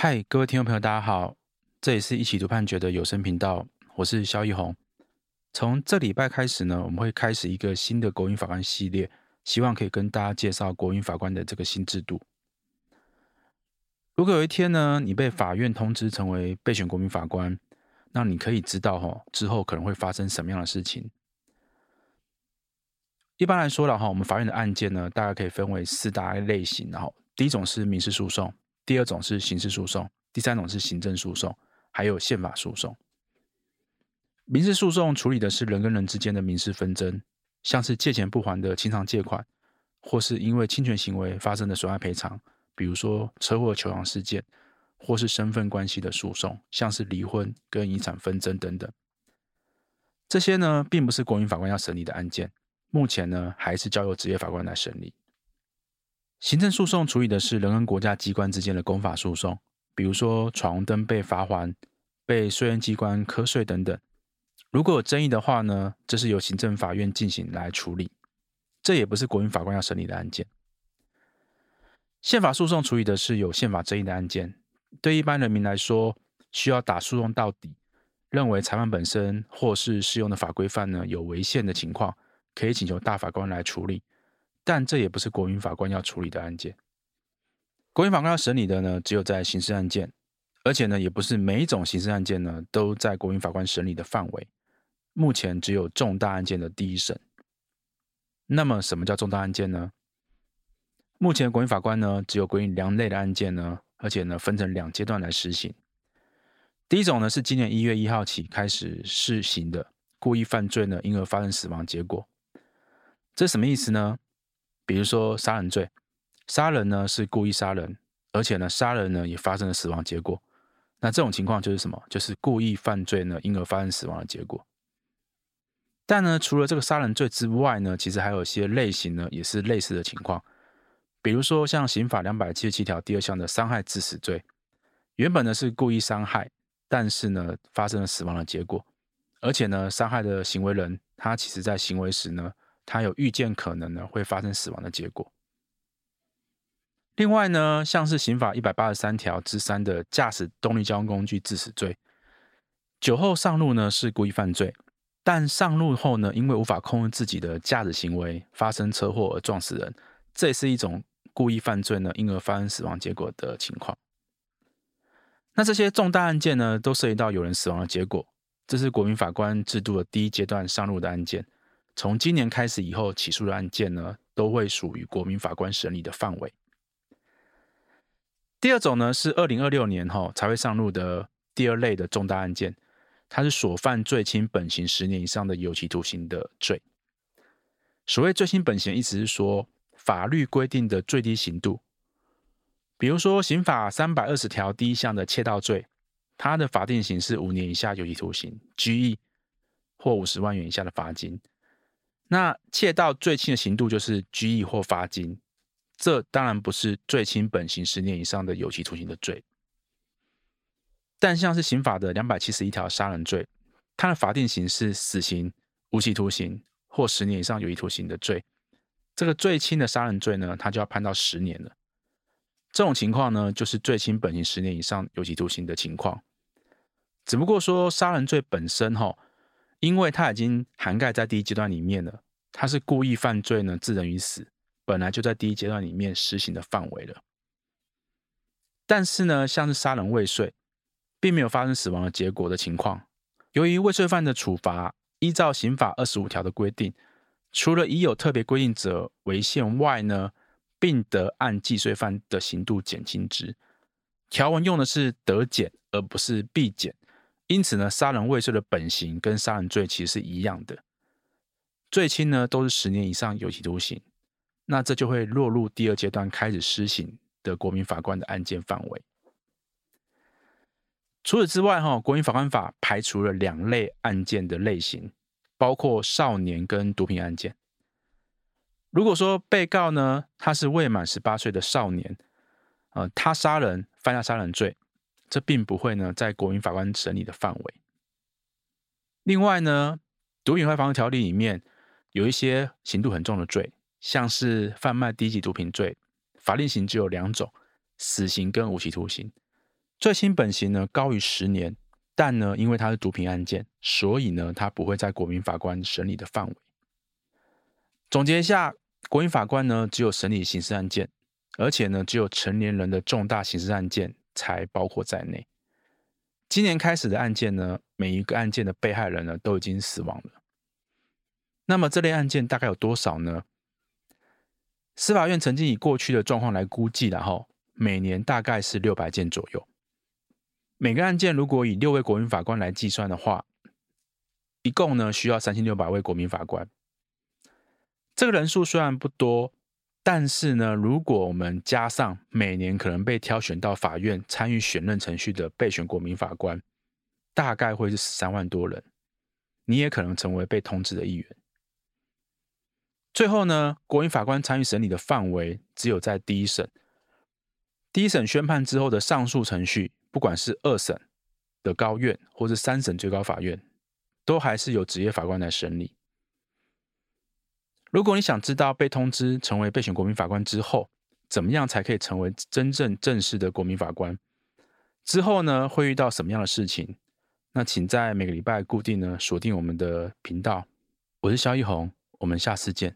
嗨，Hi, 各位聽眾朋友，大家好！這裡是一起讀判決的有聲頻道，我是蕭奕弘。從這禮拜開始呢，我們會開始一個新的國民法官系列，希望可以跟大家介紹國民法官的這個新制度。如果有一天呢，你被法院通知成為備選國民法官，那你可以知道哈、哦，之後可能會發生什麼樣的事情。一般來說的話，我們法院的案件呢，大概可以分為四大類型。然後，第一種是民事訴訟。第二種是刑事訴訟，第三種是行政訴訟，還有憲法訴訟。民事訴訟處理的是人跟人之間的民事紛爭，像是借錢不還的清償借款，或是因為侵權行為發生的損害賠償，比如說車禍求償事件，或是身份關係的訴訟，像是離婚跟遺產紛爭等等。這些呢，並不是國民法官要審理的案件，目前呢，還是交由職業法官來審理。行政訴訟處理的是人跟國家機關之間的公法訴訟，比如說闖紅燈被罰款、被稅務機關課稅等等。如果有爭議的話呢，這是由行政法院進行來處理，這也不是國民法官要審理的案件。憲法訴訟處理的是有憲法爭議的案件，對一般人民來說，需要打訴訟到底，認為裁判本身或是適用的法規範呢有違憲的情況，可以請求大法官來處理。但這也不是國民法官要處理的案件。國民法官要審理的呢，只有在刑事案件，而且呢，也不是每一種刑事案件呢都在國民法官審理的範圍。目前只有重大案件的第一審。那麼，什麼叫重大案件呢？目前國民法官呢，只有規定兩類的案件呢，而且呢，分成兩階段來實行。第一種呢，是今年一月一號起開始實行的故意犯罪呢，因而發生死亡結果。這是什麼意思呢？比如說殺人罪，殺人呢是故意殺人，而且呢殺人呢也發生了死亡結果。那這種情況就是什麼？就是故意犯罪呢因而發生死亡的結果。但呢，除了這個殺人罪之外呢，其實還有一些類型呢也是類似的情況。比如說像刑法兩百七十七條第二項的傷害致死罪，原本呢是故意傷害，但是呢發生了死亡的結果，而且呢傷害的行為人他其實在行為時呢。他有預見可能呢會發生死亡的結果。另外呢，像是刑法一百八十三條之三的駕駛動力交通工具致死罪，酒後上路呢是故意犯罪，但上路後呢，因為無法控制自己的駕駛行為，發生車禍而撞死人，這也是一種故意犯罪呢因而發生死亡結果的情況。那這些重大案件呢，都涉及到有人死亡的結果，這是國民法官制度的第一階段上路的案件。從今年開始以後，起訴的案件呢，都會屬於國民法官審理的範圍。第二種呢，是二零二六年後才會上路的第二類的重大案件，它是所犯最輕本刑十年以上的有期徒刑的罪。所謂“最輕本刑”，意思是說法律規定的最低刑度。比如說《刑法》三百二十條第一項的竊盜罪，它的法定刑是五年以下有期徒刑、拘役或五十萬元以下的罰金。那竊盜最輕的刑度就是拘役或罰金，這當然不是最輕本刑十年以上的有期徒刑的罪。但像是刑法的兩百七十一條殺人罪，它的法定刑是死刑、無期徒刑或十年以上有期徒刑的罪。這個最輕的殺人罪呢，它就要判到十年了。這種情況呢，就是最輕本刑十年以上有期徒刑的情況。只不過說殺人罪本身哈。因為它已經涵蓋在第一階段裡面了，它是故意犯罪呢，致人於死，本來就在第一階段裡面實行的範圍了。但是呢，像是殺人未遂，並沒有發生死亡的結果的情況，由於未遂犯的處罰依照刑法二十五條的規定，除了以有特別規定者為限外呢，並得按既遂犯的刑度減輕之。條文用的是得減，而不是必減。因此呢，殺人未遂的本刑跟殺人罪其實是一樣的，最輕呢都是十年以上有期徒刑，那這就會落入第二階段開始施行的國民法官的案件範圍。除此之外，哈，國民法官法排除了兩類案件的類型，包括少年跟毒品案件。如果說被告呢，他是未滿十八歲的少年，呃，他殺人，犯下殺人罪。這並不會呢，在國民法官審理的範圍。另外呢，毒品危害防制條例裡面有一些刑度很重的罪，像是販賣低級毒品罪，法定刑只有兩種：死刑跟無期徒刑。最輕本刑呢高於十年，但呢，因為它是毒品案件，所以呢，它不會在國民法官審理的範圍。總結一下，國民法官呢只有審理刑事案件，而且呢只有成年人的重大刑事案件，才包括在內。今年開始的案件呢，每一個案件的被害人呢都已經死亡了。那麼這類案件大概有多少呢？司法院曾經以過去的狀況來估計，然後每年大概是六百件左右。每個案件如果以六位國民法官來計算的話，一共呢需要三千六百位國民法官。這個人數雖然不多，但是呢，如果我們加上每年可能被挑選到法院參與選任程序的備選國民法官，大概會是十三萬多人。你也可能成為被通知的一員。最後呢，國民法官參與審理的範圍只有在第一審。第一審宣判之後的上訴程序，不管是二審的高院，或是三審最高法院，都還是由職業法官來審理。如果你想知道被通知成為備選國民法官之後，怎麼樣才可以成為真正正式的國民法官？之後呢會遇到什麼樣的事情？那請在每個禮拜固定呢鎖定我們的頻道。我是蕭奕弘，我們下次見。